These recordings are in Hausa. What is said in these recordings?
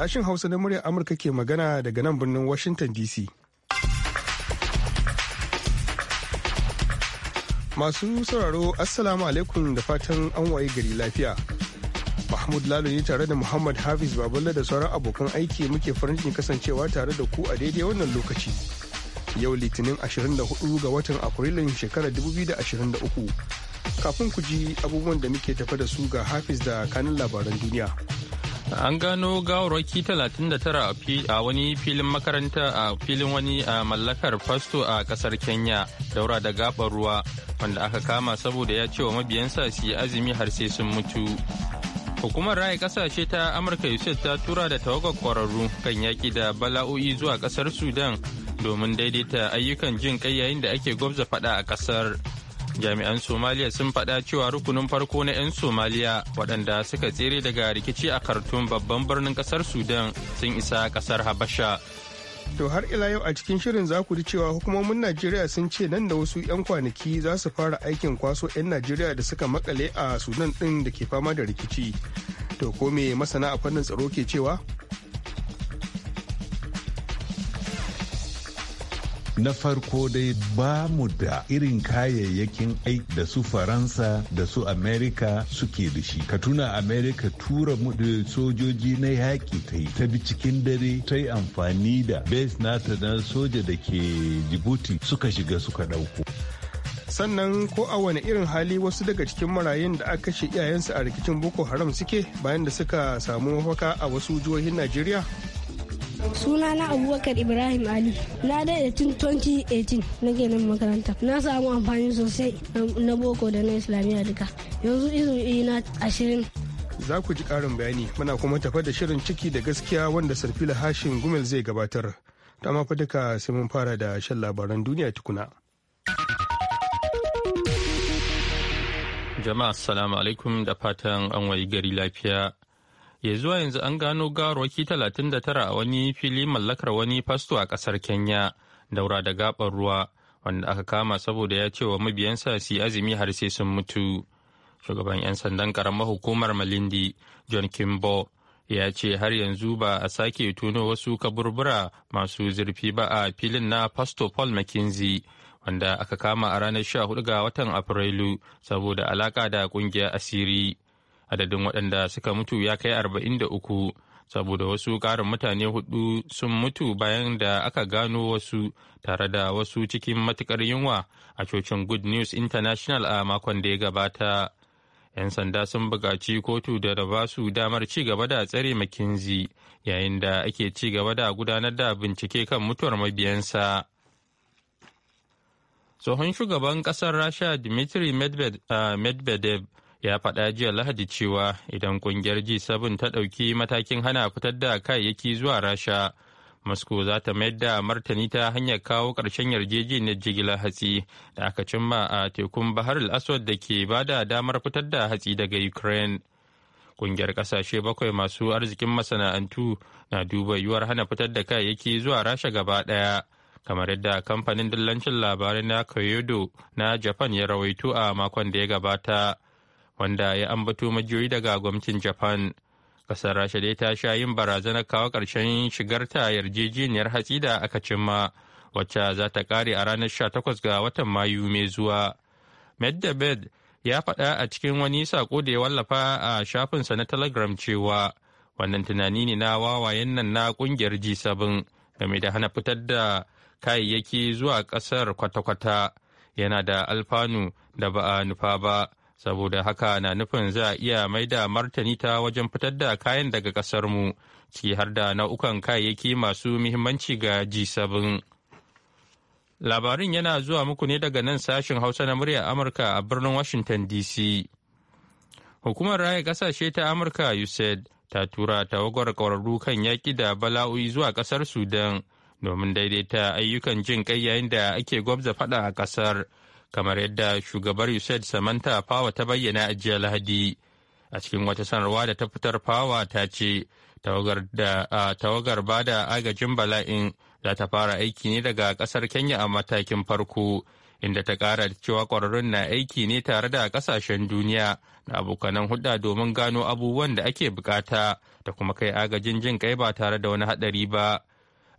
Sashin Hausa na muryar Amurka ke magana daga nan birnin Washington DC. Masu sauraro Assalamu alaikum da fatan an waye gari lafiya. Mahmud Lalo ne tare da Muhammad Hafiz baballa da sauran abokan aiki muke farin cikin kasancewa tare da ku a daidai wannan lokaci. Yau Litinin 24 ga watan Afrilun shekarar 2023. Kafin ku ji abubuwan da muke tafa da su ga Hafiz da kanin labaran duniya. an gano gawarwaki 39 a wani filin makaranta a filin wani a mallakar fasto a kasar kenya daura da gabar ruwa wanda aka kama saboda ya ce wa mabiyansa su yi azumi har sai sun mutu hukumar raya kasashe ta amurka yusuf ta tura da tawagar kwararru kan yaki da bala'o'i zuwa kasar sudan domin daidaita ayyukan jin kai yayin da ake gwabza fada a kasar jami'an somaliya sun faɗa cewa rukunin farko na 'yan somaliya waɗanda suka tsere daga rikici a kartun babban birnin ƙasar sudan sun isa ƙasar habasha to har ila yau a cikin shirin za ku ji cewa hukumomin najeriya sun ce nan da wasu 'yan kwanaki za su fara aikin kwaso 'yan najeriya da suka makale a sudan ɗin da ke fama da rikici to ko me masana a fannin tsaro ke cewa na farko dai ba mu da irin kayayyakin aiki da su faransa da su amerika suke da shi ka tuna amerika tura sojoji na yaƙi ta yi ta bi cikin dare ta yi amfani da base nata na soja da ke jibuti suka shiga suka ɗauko sannan ko a wani irin hali wasu daga cikin marayun da aka kashe iyayensu a rikicin boko haram suke bayan da suka samu mafaka a wasu jihohin najeriya suna na abubakar ibrahim ali na da tun 2018 nake nan makaranta na samu amfani sosai na boko da na islamiyya duka yanzu izini na ashirin za ku ji ƙarin bayani muna kuma tafa da shirin ciki da gaskiya wanda sarfila hashin gumel zai gabatar ta mafi duka sai mun fara da shan labaran duniya tukuna jama'a assalamu alaikum da fatan an wayi gari lafiya ya zuwa yanzu an gano gawarwaki 39 a wani fili mallakar wani fasto a kasar kenya daura da gabar ruwa wanda aka kama saboda ya ce wa mabiyansa su azumi har sai sun mutu shugaban 'yan sandan karamar hukumar malindi john kimbo ya ce har yanzu ba a sake tuno wasu kaburbura masu zurfi ba a filin na pastor paul mckinsey wanda aka kama a ranar 14 ga watan afrilu saboda alaka da kungiyar asiri adadin waɗanda suka mutu ya kai arba'in da uku saboda wasu ƙarin mutane hudu sun mutu bayan da aka gano wasu tare da wasu cikin matukar yunwa a cocin good news international a makon da ya gabata 'yan sanda sun buƙaci kotu da raba su damar ci gaba da tsare mckinsey yayin da ake ci gaba da gudanar da bincike kan mutuwar mabiyansa tsohon shugaban ƙasar rasha dmitry medvedev ya faɗa jiya lahadi cewa idan kungiyar g7 ta ɗauki matakin hana fitar da kayayyaki zuwa rasha moscow za ta mayar da martani ta hanyar kawo ƙarshen yarjejeniyar jigilar hatsi da aka cimma a tekun bahar al-aswad da ke ba da damar fitar da hatsi daga ukraine kungiyar ƙasashe bakwai masu arzikin masana'antu na duba yiwuwar hana fitar da kayayyaki zuwa rasha gaba ɗaya kamar yadda kamfanin dillancin labarai na kyodo na japan ya rawaito a makon da ya gabata wanda ya ambato majiyoyi daga gwamnatin japan kasar rasha dai ta sha yin barazanar kawo ƙarshen shigarta yarjejeniyar hatsi da aka cimma wacce za ta kare a ranar 18 ga watan mayu mai zuwa medved ya faɗa a cikin wani sako da ya wallafa a shafinsa na telegram cewa wannan tunani ne na wawayen nan na ƙungiyar g7 game da hana fitar da kayayyaki zuwa ƙasar kwata-kwata yana da alfanu da ba a nufa ba saboda haka na nufin za a iya mai da martani ta wajen fitar da kayan daga ƙasarmu ciki har da nau'ukan kayayyaki masu muhimmanci ga G7. Labarin yana zuwa muku ne daga nan sashen Hausa na murya Amurka a birnin Washington DC. Hukumar Raya Ƙasashe ta Amurka USAID ta tura tawagar ƙwararru kan yaƙi da bala'o'i zuwa ƙasar Sudan domin daidaita ayyukan jin kai yayin da ake gwabza faɗa a ƙasar. kamar yadda shugabar USAID Samantha Power ta bayyana a jiya Lahadi. A cikin wata sanarwa da ta fitar Power ta ce, tawagar ba da agajin bala'in za ta fara aiki ne daga ƙasar Kenya a matakin farko, inda ta ƙara cewa ƙwararrun na aiki ne tare da ƙasashen duniya da abokanan hudda domin gano abubuwan da ake bukata da kuma kai agajin jin kai ba tare da wani haɗari ba.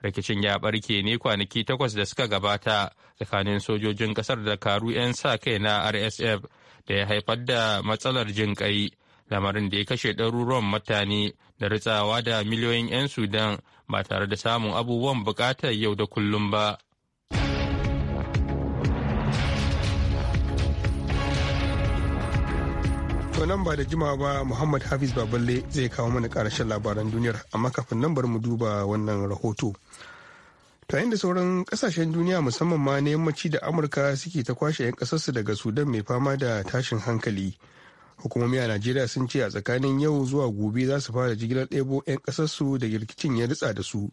rikicin ya barke ne kwanaki takwas da suka gabata tsakanin sojojin kasar da karu 'yan sa kai na rsf da ya haifar da matsalar jin kai lamarin da ya kashe ɗaruruwan mutane da ritsawa da miliyoyin 'yan sudan ba tare da samun abubuwan bukatar yau da kullum ba To nan ba da jimawa ba Muhammad Hafiz Baballe zai kawo mana karashen labaran duniyar amma kafin nan bar mu duba wannan rahoto. ta yin da sauran kasashen duniya musamman ma na yammaci da Amurka suke ta kwashe 'yan kasarsu daga Sudan mai fama da tashin hankali. Hukumomi a Najeriya sun ce a tsakanin yau zuwa gobe za su fara jigilar ɗebo 'yan kasarsu da rikicin ya ritsa da su.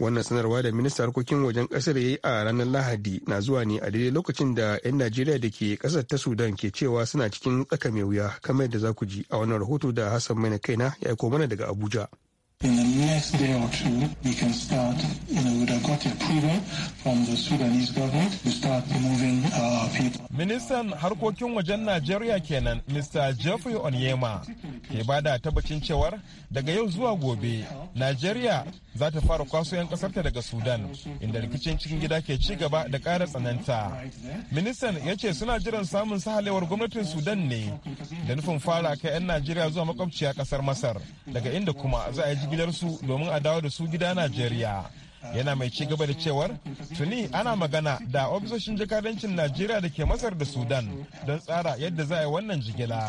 wannan sanarwa da ministan harkokin wajen kasar ya yi a ranar lahadi na zuwa ne a daidai lokacin da 'yan najeriya da ke kasar ta sudan ke cewa suna cikin tsaka mai wuya kamar yadda za ku ji a wannan rahoto da hassan mai na kaina ya aiko mana daga abuja In the next day or two, we can start, you know, we'd have got approval from the Sudanese government to start moving our uh, people. Ministan harkokin wajen Najeriya kenan Mr. Jeffrey Onyema ke ba da tabbacin cewar daga yau zuwa gobe Najeriya za ta fara kwaso 'yan kasarta daga Sudan inda rikicin cikin gida ke ci gaba da ƙara tsananta. Ministan ya ce suna jiran samun sahalewar gwamnatin Sudan ne da nufin fara kai 'yan Najeriya zuwa makwabciya ƙasar Masar daga inda kuma za a yi su domin a dawo da su gida najeriya yana mai ci gaba da cewar tuni ana magana da ofisoshin jakadancin najeriya da ke masar da sudan don tsara yadda za a yi wannan jigila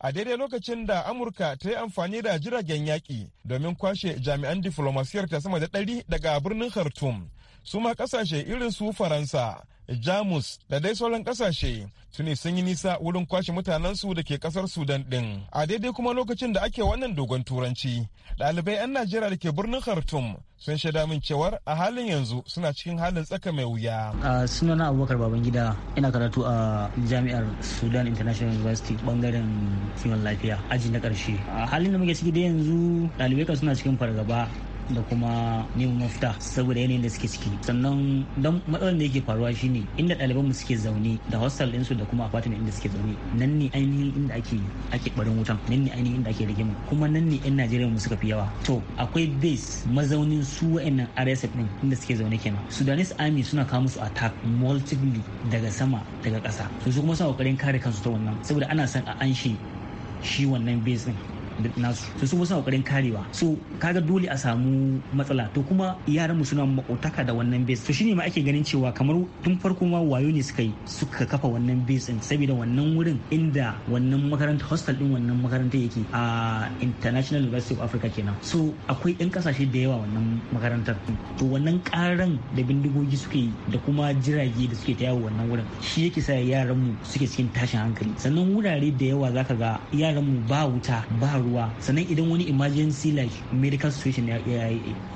a daidai lokacin da amurka ta yi amfani da jiragen yaƙi domin kwashe jami'an diflomasiyar ta sama da ɗari daga birnin khartoum su ma kasashe irin su faransa jamus da dai sauran kasashe tuni sun yi nisa wurin kwashe mutanen su da ke kasar sudan din a daidai kuma lokacin da ake wannan dogon turanci ɗalibai 'yan najeriya da ke birnin khartoum sun sha min cewar a halin yanzu suna cikin halin tsaka mai wuya a sunana abubakar babangida ina karatu a jami'ar sudan international university bangaren kiwon lafiya aji na karshe a halin da muke ciki da yanzu ɗalibai kan suna cikin fargaba da kuma neman mafita saboda yanayin da suke ciki sannan don matsalar da yake faruwa shine inda ɗaliban mu suke zaune da hostel ɗinsu da kuma apartment inda suke zaune nan ne ainihin inda ake ake barin wutan nan ne ainihin inda ake rigima kuma nan ne yan Najeriya mu suka fi yawa to akwai base mazaunin su wa'annan RSA ɗin inda suke zaune kenan Sudanese army suna kawo musu attack multiple daga sama daga ƙasa to su kuma suna ƙoƙarin kare kansu ta wannan saboda ana son a anshe shi wannan base ɗin nasu su su suna kokarin karewa so kaga dole a samu matsala to kuma yaran mu suna makotaka da wannan base to shine ma ake ganin cewa kamar tun farko ma wayo ne suka yi suka kafa wannan base din saboda wannan wurin inda wannan makaranta hostel din wannan makaranta yake a International University of Africa kenan so akwai yan kasashe da yawa wannan makarantar to wannan karan da bindigogi suke yi da kuma jirage da suke ta yawo wannan wurin shi yake sa yaran mu suke cikin tashin hankali sannan wurare da yawa zaka ga yaran mu ba wuta ba ruwa ruwa sannan idan wani emergency like medical situation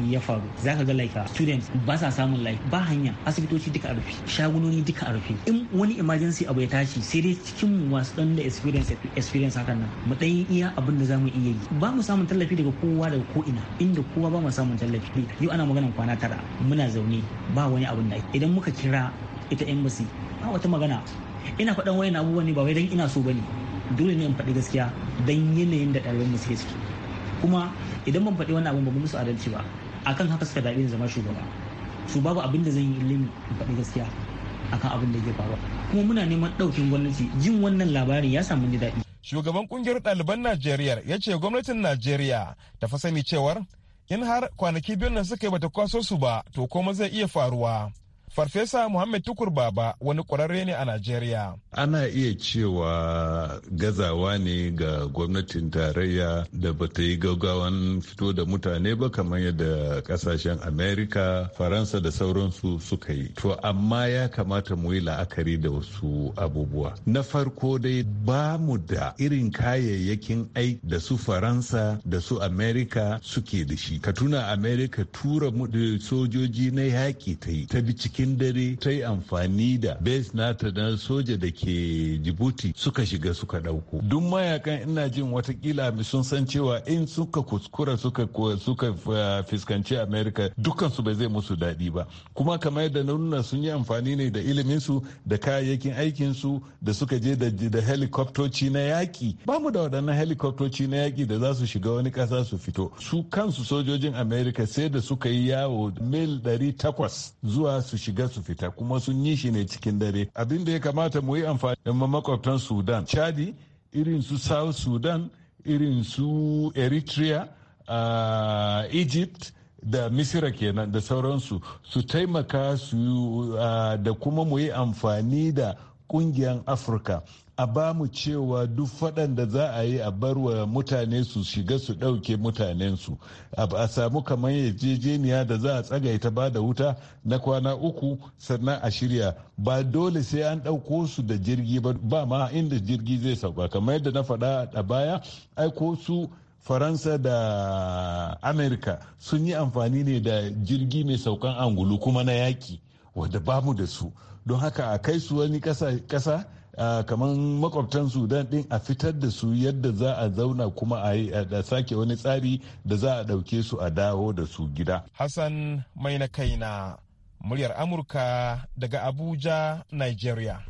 ya faru zaka ga like students ba sa samun like ba hanya asibitoci duka a rufe shagunoni duka a rufe in wani emergency abu ya tashi sai dai cikin wasu dan da experience experience hakan nan mu dan iya abin da zamu iya yi ba mu samun tallafi daga kowa daga ko ina inda kowa ba mu samun tallafi yau ana magana kwana tara muna zaune ba wani abin da idan muka kira ita embassy ba wata magana ina faɗan wayan abubuwan ne ba wai dan ina so bane dole ne in faɗi gaskiya don yanayin da mu suke ciki kuma idan ban faɗi wani abin ba mu musu adalci ba akan haka suka zaɓi zama shugaba su babu abin da zan yi ilimi in faɗi gaskiya akan abin da yake faruwa kuma muna neman ɗaukin gwamnati jin wannan labarin ya samu ni daɗi. shugaban kungiyar ɗaliban najeriya ya ce gwamnatin najeriya ta fa sani cewar in har kwanaki biyun nan suka yi bata kwaso su ba to koma zai iya faruwa Farfesa Muhammad Tukur Baba wani ƙwararre ne a Najeriya. Ana iya cewa gazawa ne ga gwamnatin tarayya da ba ta yi gaugawan fito da mutane ba kamar yadda ƙasashen Amerika, Faransa da sauransu suka yi. To amma ya kamata mu yi la'akari da wasu abubuwa. Na farko dai ba mu da irin kayayyakin aiki da su Faransa da su Amerika suke da shi. Ka tuna Amerika tura eh, sojoji na yaƙi ta yi ta bi cikin cikin dare ta yi amfani da base nata na soja da ke jibuti suka shiga suka ɗauko duk mayakan ina jin watakila sun san cewa in suka kuskura suka suka uh, fuskanci america dukansu bai zai musu daɗi ba kuma kamar yadda na nuna sun yi amfani ne da iliminsu da kayayyakin aikinsu da suka je da helikoptoci na yaƙi ba mu da waɗannan helikoptoci na yaki da za su shiga wani ƙasa su fito su kansu sojojin america sai da suka yi yawo mil 800 zuwa su shiga shiga su fita kuma sun yi shi ne cikin dare abin da ya kamata mu yi amfani da makwabtan sudan chadi irin su south sudan irin su eritrea uh, egypt da misira kenan da sauransu su taimaka su uh, da kuma mu yi amfani da kungiyar afirka a ba mu cewa duk faɗan da za a yi a bar wa mutane su shiga su ɗauke mutanensu a samu kamar yarjejeniya da za a tsagaita ba da wuta na kwana uku sannan a shirya ba dole sai an ɗauko su da jirgi ba ba ma inda jirgi zai sauka kamar yadda na faɗa a baya aiko su faransa da amerika sun yi amfani ne da jirgi mai saukan angulu kuma na yaki wadda bamu da su don haka a kai su wani kasa kamar makwabtan sudan din a fitar da su yadda za a zauna kuma a a sake wani tsari da za a ɗauke su a dawo da su gida hassan mai na kai na muryar amurka daga abuja nigeria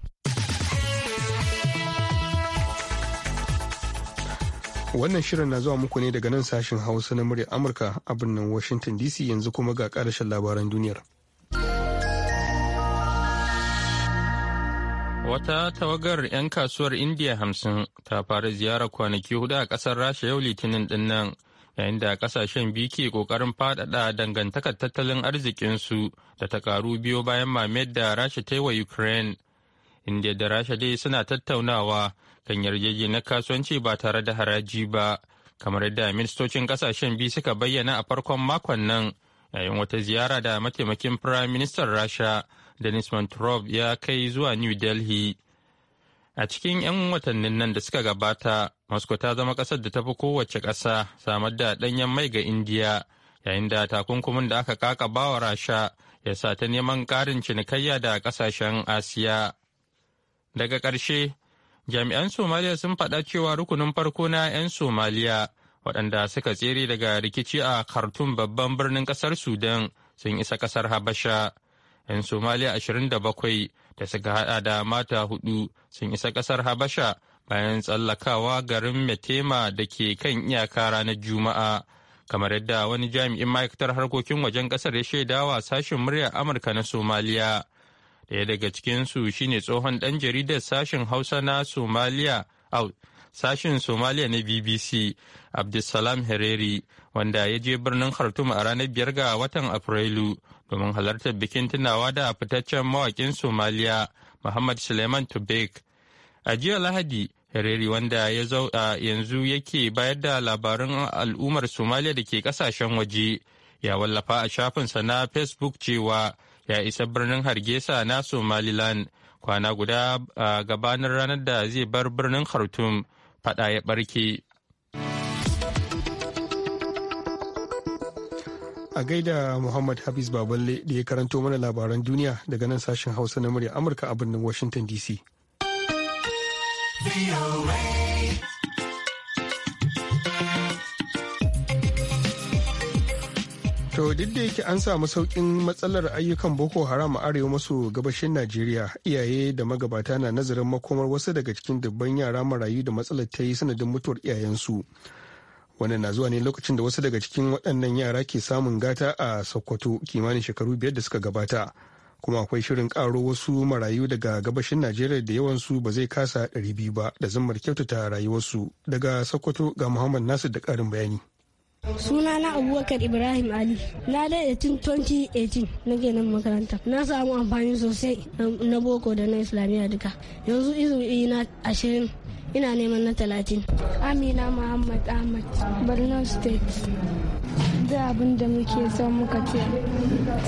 Wannan shirin na zuwa muku ne daga nan sashen Hausa na muryar Amurka a birnin Washington DC yanzu kuma ga ƙarashin labaran duniyar. Wata tawagar 'yan kasuwar Indiya hamsin ta fara ziyarar kwanaki hudu a ƙasar Rasha yau Litinin ɗin nan, yayin da ƙasashen biyu ke ƙoƙarin faɗaɗa dangantakar tattalin arzikinsu da ta karu biyo bayan mamayar da Rasha ta yi wa Ukraine. Indiya da Rasha dai suna tattaunawa kan yarjejeniyar kasuwanci ba tare da haraji ba, kamar yadda ministocin ƙasashen biyu suka bayyana a farkon makon nan yayin wata ziyara da mataimakin Firayim Ministan Rasha Denis Mantrov ya kai zuwa New Delhi. A cikin 'yan watannin nan da suka gabata, Moscow ta zama ƙasar da ta fi kowace ƙasa samar da ɗanyen mai ga Indiya, yayin da takunkumin da aka kaka bawa Rasha ya sa ta neman ƙarin cinikayya da ƙasashen Asiya. Daga ƙarshe, jami'an Somaliya sun faɗa cewa rukunin farko na 'yan Somaliya waɗanda suka tsere daga rikici a Khartoum babban birnin ƙasar Sudan sun isa ƙasar Habasha. 'yan somaliya 27 da suka hada da mata hudu sun isa kasar habasha bayan tsallakawa garin metema da ke kan iyaka ranar juma'a kamar yadda wani jami'in ma'aikatar harkokin wajen kasar ya shaidawa sashen muryar amurka na somaliya daya daga cikinsu shine tsohon ɗan jaridar sashen hausa na somaliya sashen somaliya na bbc abdulsalam hereri wanda ya je birnin khartoum a ranar biyar ga watan afrilu domin halartar bikin tunawa da fitaccen mawakin somaliya muhammad suleiman tubek a jiya lahadi Hariri wanda ya zau a yanzu yake bayar da labarin al'ummar somaliya da ke kasashen waje ya wallafa a shafinsa na Facebook cewa ya isa birnin Hargesa na Somaliland kwana guda gabanin ranar da zai bar birnin Khartoum fada ya barke. A gaida Muhammad Hafiz Baballe da ya karanto mana labaran duniya daga nan sashen Hausa na murya Amurka a birnin Washington DC. To duk da yake an samu sauƙin matsalar ayyukan Boko Haram a arewa maso gabashin Najeriya iyaye da magabata na nazarin makomar wasu daga cikin dubban yara marayu da matsalar ta yi sanadin mutuwar iyayensu. wannan na zuwa ne lokacin da wasu daga cikin waɗannan yara ke samun gata a sokoto kimanin shekaru biyar da suka gabata kuma akwai shirin karo wasu marayu daga gabashin najeriya da yawansu ba zai kasa ɗari biyu ba da zammar kyautata rayuwarsu daga sokoto ga muhammad nasu da ƙarin bayani suna na abubakar ibrahim ali na dai 2018 na nan makaranta na samu amfani sosai na boko da na islamiyya duka yanzu izini na ashirin ina neman na talatin amina muhammad ahmad borno state zai abin da muke son muka ce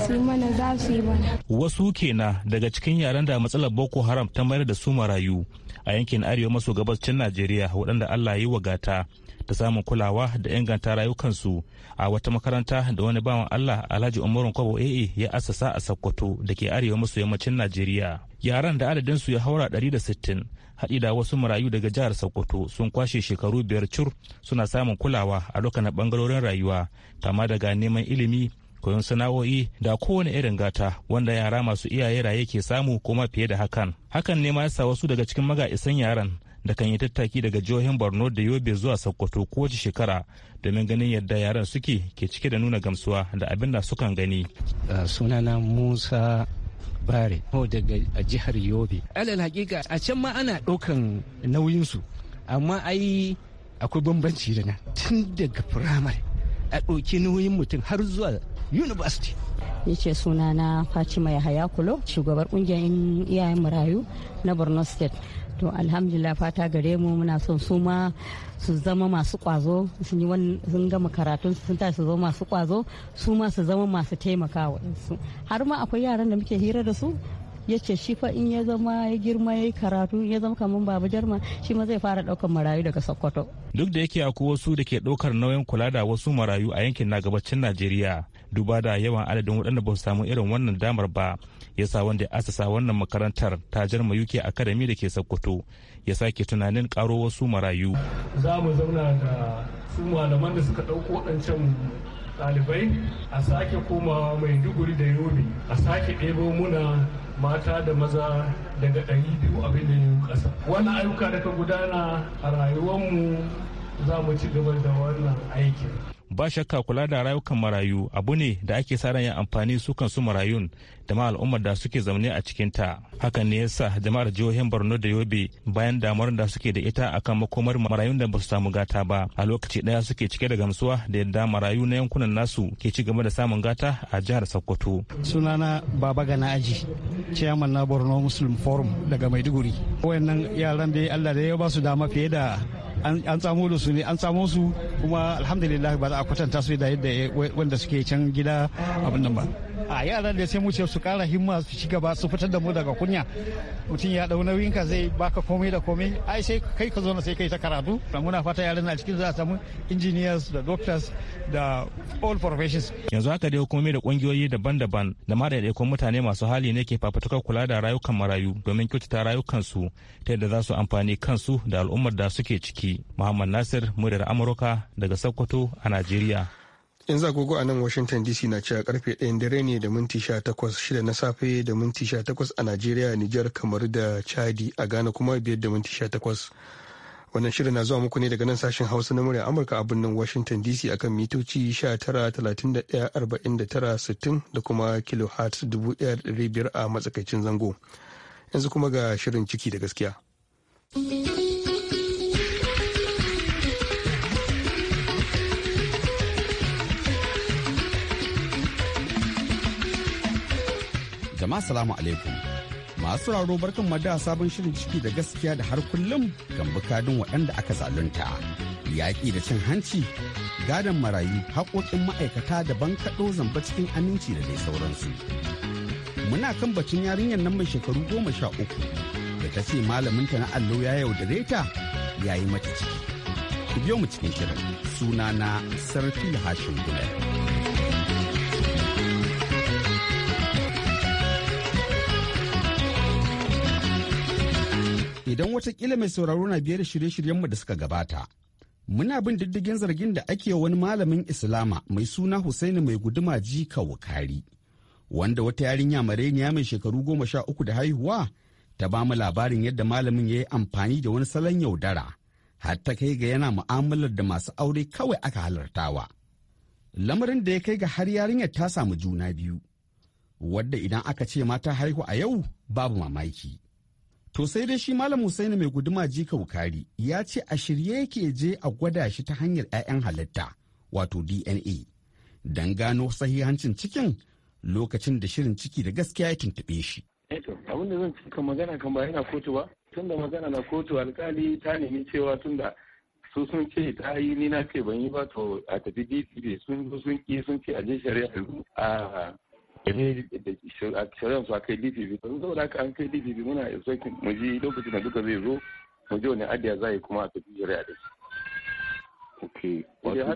su mana za su yi mana wasu kenan daga cikin yaren da matsalar boko haram ta mayar da su marayu a yankin arewa maso cin najeriya waɗanda allah ya yi wa gata da samun kulawa da inganta rayukansu a wata makaranta da wani bawan Allah Alhaji Umarun Kwabo AA ya asasa a Sokoto da ke arewa maso yammacin Najeriya. Yaran da adadinsu ya haura 160 haɗi da wasu marayu daga jihar Sokoto sun kwashe shekaru biyar cur suna samun kulawa a dukkanin bangarorin rayuwa kama daga neman ilimi koyon sana'o'i da kowane irin gata wanda yara masu iyaye raye ke samu kuma fiye da hakan hakan ne ma sa wasu daga cikin maga'isan yaran da kan yi tattaki daga jihohin borno da yobe zuwa sokoto kowace shekara domin ganin yadda yaran suke ke cike da nuna gamsuwa da abin da sukan gani ah, sunana musa bare ko daga jihar yobe alal hakika a can ma ana ɗaukan nauyinsu amma ai akwai bambanci da nan tun daga firamare a ɗauki nauyin mutum har zuwa university yace sunana fatima yahaya kulo shugabar kungiyar iyayen marayu na borno state to alhamdulillah fata gare mu muna son su ma su zama masu kwazo sun gama karatun sun tashi su zama masu kwazo su ma su zama masu taimakawa har ma akwai yaran da muke hira da su ya ce shi fa in ya zama ya girma ya yi karatu ya zama kamar baba jarma shi ma zai fara ɗaukar marayu daga sokoto duk da yake akwai wasu da ke daukar nauyin kula da wasu marayu a yankin na gabacin najeriya duba da yawan adadin waɗanda ba su samu irin wannan damar ba ya sa wanda ya asasa wannan makarantar ta jarma uk academy da ke sokoto ya sake tunanin karo wasu marayu za mu zauna da su malaman da suka ɗauko waɗancan ɗalibai a sake komawa mai duguri da yobe a sake ɗebo muna mata da maza daga ɗari biyu abin da yin ƙasa wannan ayyuka da ka gudana a rayuwarmu za mu ci gaba da wannan aikin ba shakka kula da rayukan marayu abu ne da ake sa ran amfani su su marayun da ma al'ummar da suke zaune a cikinta hakan ne yasa jama'ar jihohin borno da yobe bayan damar da suke da ita akan makomar marayun da ba su samu gata ba a lokaci daya suke cike da gamsuwa da yadda marayu na yankunan nasu ke ci gaba da samun gata a jihar sokoto sunana baba gana aji chairman na borno muslim forum daga maiduguri wayannan yaran da allah da ya ba su dama fiye da an tsamo da su ne an tsamo su kuma alhamdulillah ba za a kwatanta su da yadda wanda suke can gida abin nan ba a yaran da sai mu ce su kara himma su ci gaba su fitar da mu daga kunya mutum ya dau nauyin zai baka komai da komai ai sai kai ka zo na sai kai ta karatu muna fata yaran a cikin za a samu engineers da doctors da all professions yanzu haka dai hukumomi da kungiyoyi daban-daban da ma ɗaiɗaikun mutane masu hali ne ke fafutukar kula da rayukan marayu domin kyautata rayukan su ta yadda za su amfani kansu da al'ummar da suke ciki muhammad nasir muryar amurka daga sokoto a najeriya in za a nan washington dc na cewa karfe 1 dare ne da minti 18 shida na safe da minti 18 a najeriya nijar kamar da chadi a ghana kuma biyar da minti 18 wannan shirin na zuwa muku ne daga nan sashen hausa na murya amurka a birnin washington dc akan mitoci 19,31,49,60 da kuma kilohertz 1,500 a matsakaicin zango yanzu kuma ga shirin ciki da gaskiya. jama'a salamu alaikum masu raro barkan da sabon shirin ciki da gaskiya da har kullum kan bukadin waɗanda aka zalunta yaƙi da cin hanci gadon marayu haƙoƙin ma'aikata da bankaɗo zamba cikin aminci da dai sauransu muna kan bacin yarinyar nan mai shekaru goma sha uku da ta ce malaminta na allo ya yaudare ta ya yi mata ciki ku biyo mu cikin shirin sunana sarfil hashin gulen idan watakila mai sauraro na biyar shirye-shiryenmu da suka gabata. Muna bin diddigin zargin da ake wani malamin Islama mai suna Hussaini mai guduma jika kari. Wanda wata yarinya mareniya mai shekaru goma sha uku da haihuwa ta ba mu labarin yadda malamin ya yi amfani da wani salon yaudara har ta kai ga yana mu'amalar da masu aure kawai aka halartawa. Lamarin da ya kai ga har yarinyar ta samu juna biyu. Wadda idan aka ce mata haihu a yau babu mamaki. To sai dai shi Malam Husaini mai guduma jika kari ya ce a shirye yake je a gwada shi ta hanyar 'ya'yan halitta wato DNA don gano sahihancin cikin lokacin da shirin ciki da gaskiya ya tuntube shi. Eh abin da zan cika magana kan ba yana kotu ba tun da magana na kotu alkali ta nemi cewa tun da su sun ce ta yi ni na ce ban yi ba to a tafi dc sun zo sun ki sun ce a je shari'a a shari'ar su a kai dpp sun saboda haka an kai dpp muna expecting mu ji lokacin da duka zai zo mu ji wani adiya za yi kuma a tafi shari'a da shi.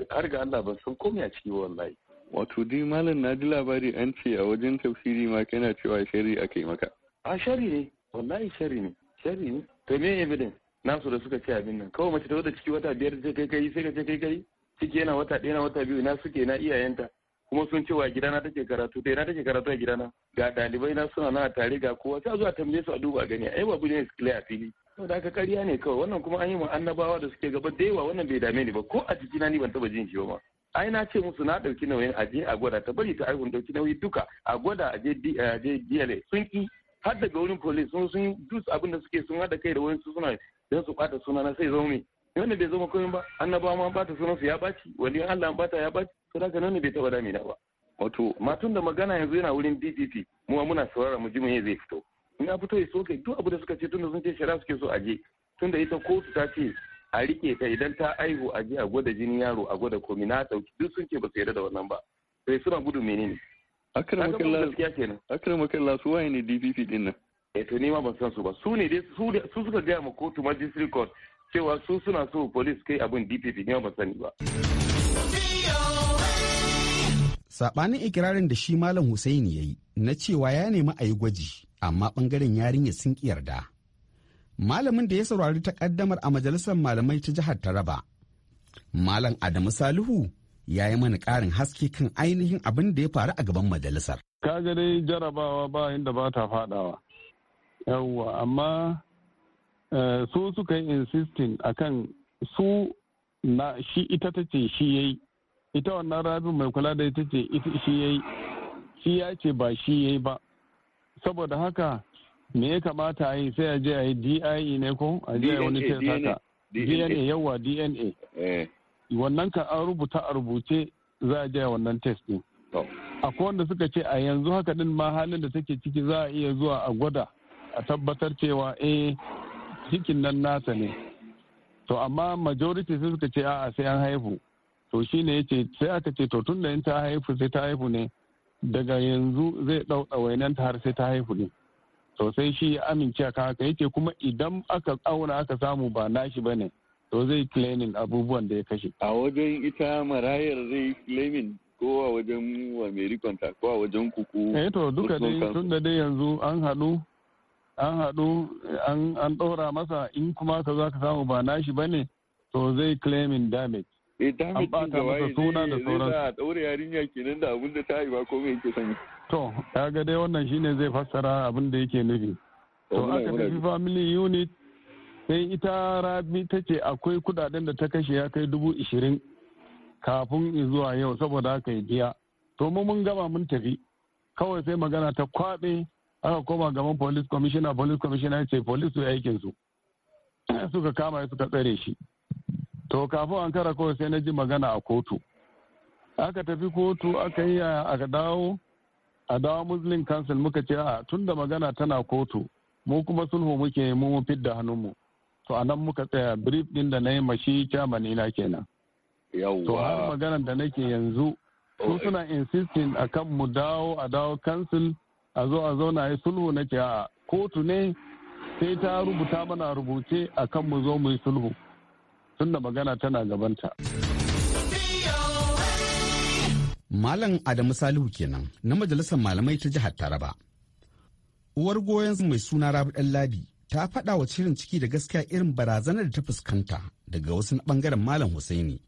har ga Allah ban san komai a ciki wallahi. Wato dai malam na ji labari an ce a wajen tafsiri ma kana cewa shari aka yi maka. A shari ne wallahi shari ne shari ne to me evidence nasu da suka ce abin nan kawai mace ta wata ciki wata biyar ta kai kai sai ka ce kai kai ciki yana wata ɗaya na wata biyu na suke na iyayenta kuma sun ce wa gidana take karatu dai na take karatu a gidana ga dalibai na suna na tare ga kowa sai zuwa tambaye su a duba gani ai babu ne iskila a fili saboda haka ƙarya ne kawai wannan kuma an yi annabawa da suke gaba da yawa wannan bai dame ni ba ko a jikina ni ban taba jin shi ba ai na ce musu na ɗauki nauyin aje a gwada ta bari ta aihun ɗauki nauyi duka a gwada je DLA sun ki har daga wurin police sun sun dus abin da suke sun hada kai da wurin su suna don su ɓata suna na sai zo me wannan bai zama komai ba annabawa ma bata sunan su ya baci wani Allah bata ya baci kada ka nan ne bai taba damina ba wato matun da magana yanzu yana wurin DPP mu muna saurara mu ji me zai fito in ya fito ya soke duk abu da suka ce tunda sun ce shari'a suke so a je tunda ita kotu ta ce a rike ta idan ta aihu a je a gwada jinin yaro a gwada komi na dauki duk sun ce ba su yarda da wannan ba sai suna gudu menene akrama kalla su waye ne DPP din nan eh to ni ma ban san su ba su ne dai su suka gaya ma kotu magistrate court cewa su suna so police kai abin DPP ne ban sani ba saɓanin ikirarin da shi malam Hussaini ya yi na cewa ya nemi a yi gwaji amma ɓangaren yarinya sun ƙi yarda. Malamin da ya saurari takaddamar a majalisar malamai ta jihar Taraba. Malam Adamu Salihu ya yi mana ƙarin haske kan ainihin abin da ya faru a gaban majalisar. Ka ga dai jarabawa ba inda ba ta faɗawa. Yawwa amma eh, su suka yi insisting akan su na shi ita ta ce shi yayi ita wannan rabin mai kula da ita ce ita shi ya yi shi ya ce ba shi ya yi ba saboda haka me ya kamata a yi sai a je a yi DIE ne ko a je a wani test haka DNA yawa DNA eh. wannan ka an rubuta a rubuce za a je a wannan test din akwai wanda suka ce a yanzu haka din ma halin da take ciki za a iya zuwa a gwada a tabbatar cewa eh cikin nan nasa ne to amma majority sai suka ce a'a sai an haihu to shi ne yace sai aka ce to tun da in ta haifu sai ta haifu ne daga yanzu zai dau ta har sai ta haifu ne to sai shi ya amince ka haka yace kuma idan aka auna aka samu ba nashi bane to zai claiming abubuwan da ya kashe a wajen ita marayar zai claiming ko a wajen wa merikonta ko a wajen kuku eh to duka dai da dai yanzu an haɗu an hadu an ɗora masa in kuma ka za ka samu ba nashi bane to zai claiming damage eh ta masa suna da sauran a daure yarinya kenan da abin da ta haifa ko me yake sani to ya ga dai wannan shine zai fassara abin da yake nufi to aka tafi family unit sai ita rabi ta ce akwai kudaden da ta kashe ya kai dubu ishirin kafin zuwa yau saboda haka yi biya to mu mun gama mun tafi kawai sai magana ta kwaɓe aka koma gaban police commissioner police commissioner ya ce police su aikin su suka kama suka tsare shi to kafin an kara kawai sai na ji magana a kotu aka tafi kotu aka yi aka dawo a dawo muslim council muka ce a tun da magana tana kotu mu kuma sulhu muke mu fit da hannunmu to a nan muka tsaya brief din da na yi mashi chairman na kenan to har maganar da nake yanzu su suna insisting akan mu dawo a dawo council a zo a zauna yi sulhu na a kotu ne sai ta rubuta mana rubuce akan mu zo mu yi sulhu tunda magana tana gabanta. Malam Adamu Salihu kenan na Majalisar Malamai ta Jihar Taraba. Uwar goyon mai suna Rabi Ɗanladi ta faɗa wa cirin ciki da gaskiya irin barazanar da ta fuskanta daga wasu na ɓangaren Malam Hussaini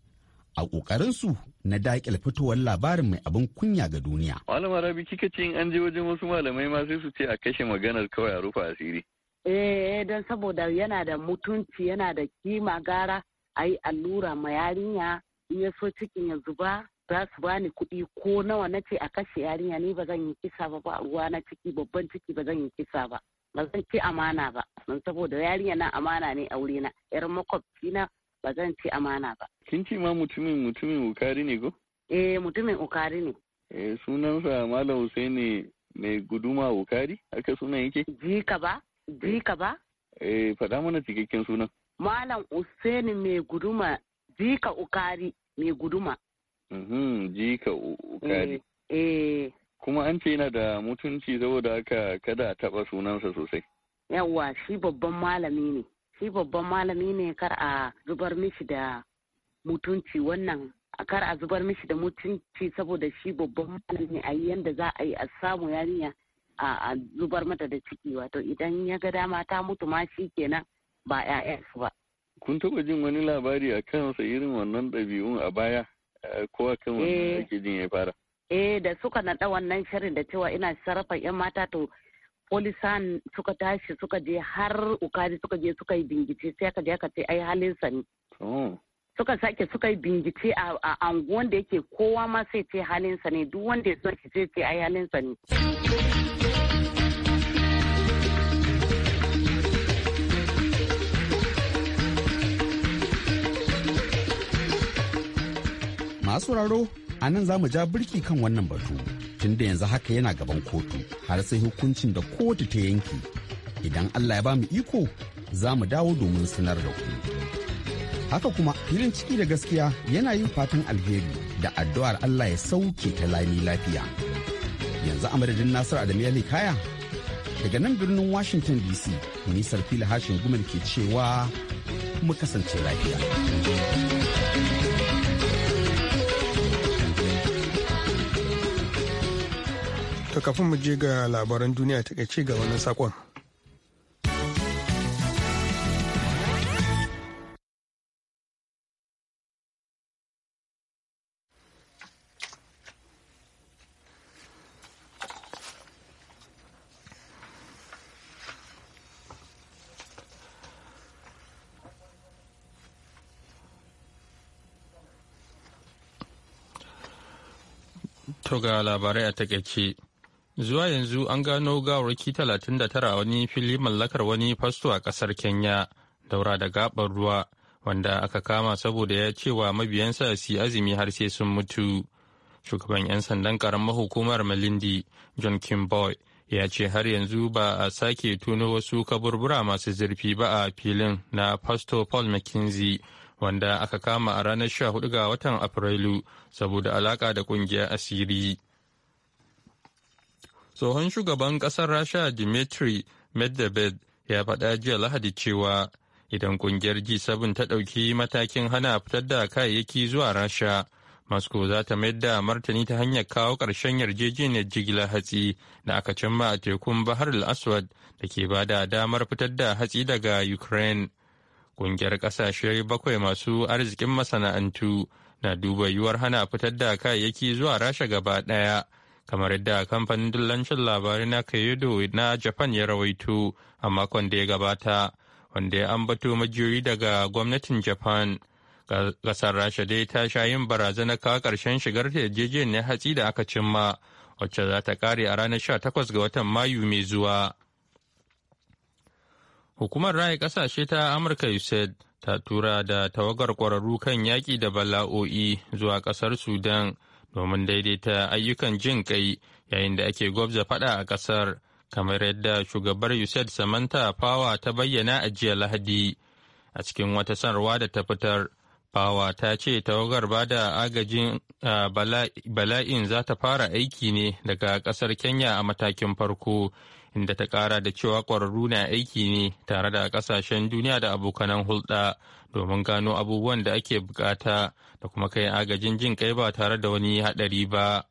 a ƙoƙarinsu na daƙil fitowar labarin mai abin kunya ga duniya. Malama Rabi kika ce in an je wajen wasu malamai ma sai su ce a kashe maganar kawai a rufe asiri. Eh, eh don saboda yana da mutunci yana da kima gara a yi allura ma yarinya in ya so cikin ya zuba za su bani kuɗi ko nawa na ce a kashe yarinya ni ba zan yi kisa ba ba ruwa na ciki babban ciki ba zan yi kisa ba ba zan ci amana ba don saboda yarinya na amana ne a na yar makwabci na ba zan ci amana ba. Kin ce ma mutumin mutumin ukari ne ko? Eh mutumin ukari ne. Eh sunansa Malam Husaini mai guduma ukari haka sunan yake? Jika ba? Jika ba? Eh, eh faɗa mana cikakken sunan. Malam Usaini mai guduma jika ukari mai guduma. Mhm, jika ukari. Eh, eh. Kuma an ce yana da mutunci saboda haka kada a taɓa sunansa sosai. Yawwa shi babban malami ne. Shi babban malami ne kar a zubar mishi da mutunci wannan kar a zubar mishi da mutunci saboda shi babban malami ne a yi za a yi a samu yarinya a zubar mata da ciki wato idan ya ga dama ta mutu ma shi kenan ba 'ya'yansu ba kun taɓa jin wani labari a kansa irin wannan ɗabi'un a baya eh, ko a kan wannan eh. ake jin ya fara eh da suka naɗa wannan shirin da cewa ina sarrafa yan mata to polisan suka tashi suka je har ukari suka je suka yi bingice sai aka je aka ce ai halin sa ne suka sake suka yi bingice a anguwan da yake kowa ma sai ce halin sa ne duk wanda ya so ki sai ce ai halin sa ne Masu raro a nan za mu ja birki kan wannan batu tun da yanzu haka yana gaban kotu har sai hukuncin da kotu ta yanke idan Allah ya ba mu iko za mu dawo domin sanar da ku. Haka kuma filin ciki da gaskiya yana yin fatan alheri da addu'ar Allah ya sauke ta lami lafiya. Yanzu a madadin Nasir Adamu yali Kaya daga nan birnin Washington DC nisar fili hashin gumar ke cewa mu kasance lafiya. To kafin mu je ga labaran duniya ta ci ga wannan sakon. To labarai a takaice. Zuwa yanzu an gano gawarki 39 a wani fili mallakar wani fasto a ƙasar Kenya, daura da gabar ruwa, wanda aka kama saboda ya cewa mabiyansa su azumi har sai sun mutu. Shugaban 'yan sandan ƙaramar hukumar Malindi, John Kimboy, ya ce har yanzu ba a sake tuno wasu kaburbura masu zurfi ba a filin na Pasto Paul McKinsey wanda aka kama a ranar 14 ga watan Afrilu saboda alaka da kungiyar asiri. tsohon shugaban ƙasar rasha dmitry medvedev ya faɗa jiya lahadi cewa idan ƙungiyar g7 ta ɗauki matakin hana fitar da kayayyaki zuwa rasha moscow za ta mayar da martani ta hanyar kawo ƙarshen yarjejeniyar jigilar hatsi da aka cimma a tekun bahar al-aswad da ke ba da damar fitar da hatsi daga ukraine ƙungiyar ƙasashe bakwai masu arzikin masana'antu na duba yiwuwar hana fitar da kayayyaki zuwa rasha gaba ɗaya kamar yadda kamfanin dillancin labarai na Kyodo na Japan ya rawaito a makon da ya gabata, wanda ya ambato majiyoyi daga gwamnatin Japan. kasar Rasha dai ta sha yin barazana kawo karshen shigar yarjejeniyar hatsi da aka cimma, wacce za ta kare a ranar 18 ga watan Mayu mai zuwa. Hukumar Raya kasashe ta Amurka USAID ta tura da tawagar kwararru kan yaƙi da bala'o'i zuwa ƙasar Sudan. domin daidaita ayyukan jin kai yayin da ake gwabza fada a kasar kamar yadda shugabar usaid samanta fawa ta bayyana a jiya lahadi a cikin wata sanarwa da ta fitar fawa ta ce tawagar ba da agajin bala'in za ta fara aiki ne daga kasar kenya a matakin farko inda ta kara da cewa ƙwararru na aiki ne tare da ƙasashen duniya da abokanan hulɗa domin gano abubuwan da ake bukata da kuma kai agajin jin kai ba tare da wani haɗari ba.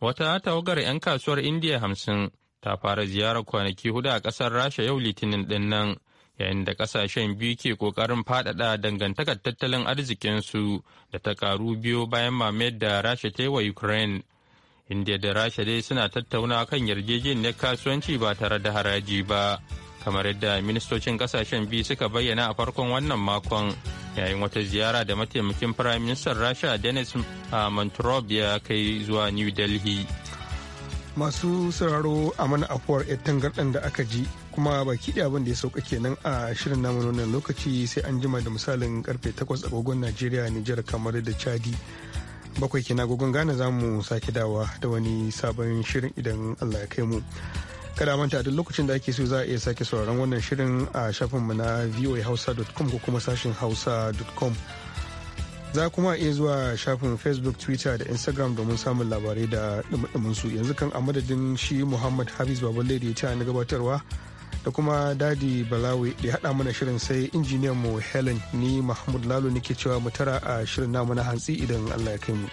Wata tawagar 'yan kasuwar Indiya hamsin ta fara ziyarar kwanaki hudu a ƙasar Rasha yau Litinin ɗin nan, yayin da ƙasashen biyu ke ƙoƙarin faɗaɗa dangantakar tattalin arzikinsu da ta karu biyo bayan mamayar da Rasha ta yi wa Ukraine. india da rasha dai suna tattauna kan yarjejeniyar kasuwanci ba tare da haraji ba kamar yadda ministocin kasashen biyu suka bayyana a farkon wannan makon yayin wata ziyara da mataimakin firaministan rasha denis ah, mantrov ya kai zuwa new delhi masu sauraro a mana afuwar tangar da aka ji kuma baki da abin da ya sauka kenan a shirin namu wannan lokaci sai an jima da misalin karfe 8 agogon najeriya nijar kamar da chadi bakwai kina gogon gane za mu sake dawa da wani sabon shirin idan Allah ya kai mu. Kada manta duk lokacin da ake so za a iya sake sauraron wannan shirin a shafinmu na voahausa.com ko kuma sashin hausa.com. Za kuma iya zuwa shafin Facebook, Twitter da Instagram domin samun labarai da dumadumin su yanzu kan a madadin shi Muhammad Hafiz Babalai da ya ta na gabatarwa. da kuma dadi balawi da haɗa mana shirin sai injiniyan mu helen ni mahmud lalo nake cewa mu tara a shirin namu na hantsi idan allah ya kai mu.